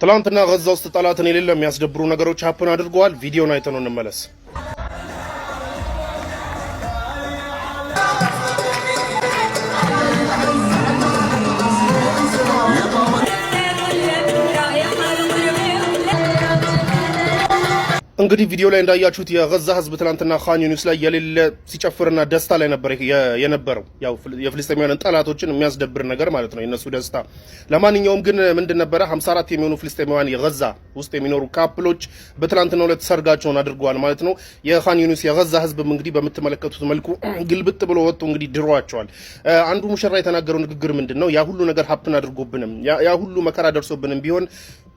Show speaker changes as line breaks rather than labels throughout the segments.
ትላንትና ጋዛ ውስጥ ጠላትን የሌለ የሚያስደብሩ ነገሮች ሀፕን አድርገዋል። ቪዲዮን አይተነው እንመለስ። እንግዲህ ቪዲዮ ላይ እንዳያችሁት የገዛ ህዝብ ትናንትና ኻን ዩኒስ ላይ የሌለ ሲጨፍርና ደስታ ላይ ነበር የነበረው። ያው የፍልስጤማውያን ጠላቶችን የሚያስደብር ነገር ማለት ነው የነሱ ደስታ። ለማንኛውም ግን ምንድን ነበረ 54 የሚሆኑ ፍልስጤማውያን የገዛ ውስጥ የሚኖሩ ካፕሎች በትናንትናው ዕለት ሰርጋቸውን አድርገዋል ማለት ነው። የኻን ዩኒስ የገዛ ህዝብም እንግዲህ በምትመለከቱት መልኩ ግልብጥ ብሎ ወጥቶ እንግዲህ ድሯቸዋል። አንዱ ሙሽራ የተናገረው ንግግር ምንድን ነው? ያ ሁሉ ነገር ሀፕን አድርጎብንም ያ ሁሉ መከራ ደርሶብንም ቢሆን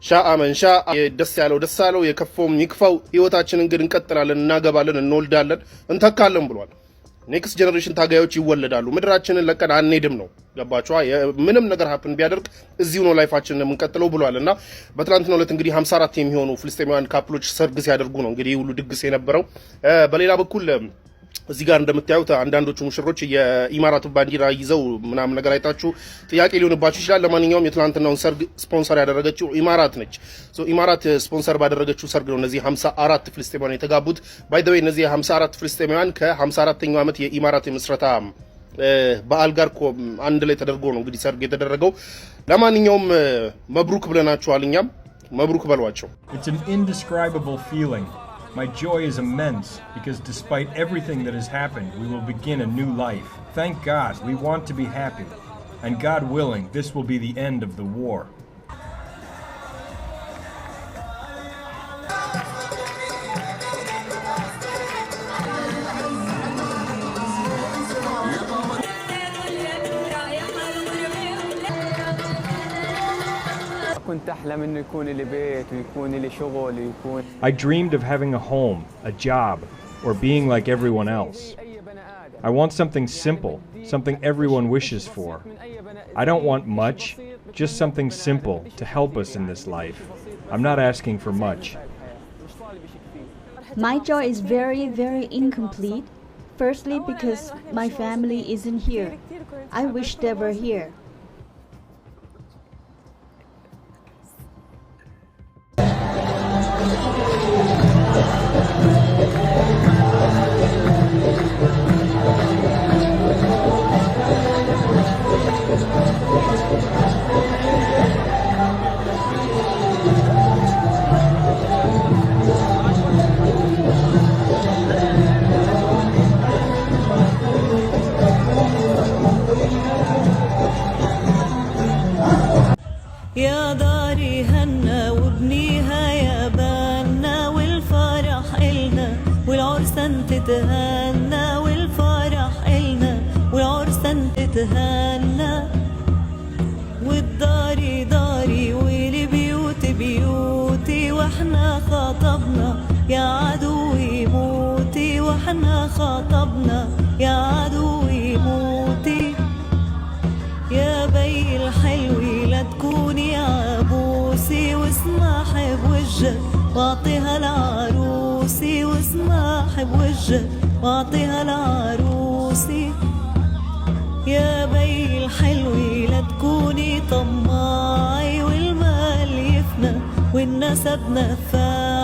ሻአ ሻአ ደስ ያለው ደስ ያለው የከፈውም ይክፋው፣ ህይወታችን እንግዲህ እንቀጥላለን፣ እናገባለን፣ እንወልዳለን፣ እንተካለን ብሏል። ኔክስት ጀኔሬሽን ታጋዮች ይወለዳሉ። ምድራችንን ለቀን አንሄድም ነው ገባችኋ? ምንም ነገር ሀፕን ቢያደርግ እዚሁ ነው ላይፋችንን የምንቀጥለው ብሏል። እና በትናንትናው ዕለት እንግዲህ 54 የሚሆኑ ፍልስጤማውያን ካፕሎች ሰርግ ሲያደርጉ ነው እንግዲህ ሁሉ ድግስ የነበረው። በሌላ በኩል እዚህ ጋር እንደምታዩት አንዳንዶቹ ሙሽሮች የኢማራት ባንዲራ ይዘው ምናምን ነገር አይታችሁ ጥያቄ ሊሆንባችሁ ይችላል። ለማንኛውም የትናንትናውን ሰርግ ስፖንሰር ያደረገችው ኢማራት ነች። ኢማራት ስፖንሰር ባደረገችው ሰርግ ነው እነዚህ 54 ፍልስጤማውያን የተጋቡት። ባይ ዘ ወይ እነዚህ 54 ፍልስጤማውያን ከ54ኛው ዓመት የኢማራት የምስረታ በዓል ጋር አንድ ላይ ተደርጎ ነው እንግዲህ ሰርግ የተደረገው። ለማንኛውም መብሩክ ብለናችኋል። እኛም መብሩክ በሏቸው።
It's an indescribable feeling. My joy is immense because despite everything that has happened, we will begin a new life. Thank God, we want to be happy. And God willing, this will be the end of the war. I dreamed of having a home, a job, or being like everyone else. I want something simple, something everyone wishes for. I don't want much, just something simple to help us in this life. I'm not asking for much.
My joy is very, very incomplete. Firstly, because my family isn't here. I wish they were here. يا داري هنا وابنيها يا باب تتهنى والفرح إلنا والعرسة تتهنى والداري داري والبيوت بيوتي واحنا خطبنا يا عدوي موتي واحنا خطبنا يا عدوي صاحب وجه واعطيها لعروسي يا بي الحلوة لا تكوني طماعي والمال يفنى والنسب نفاق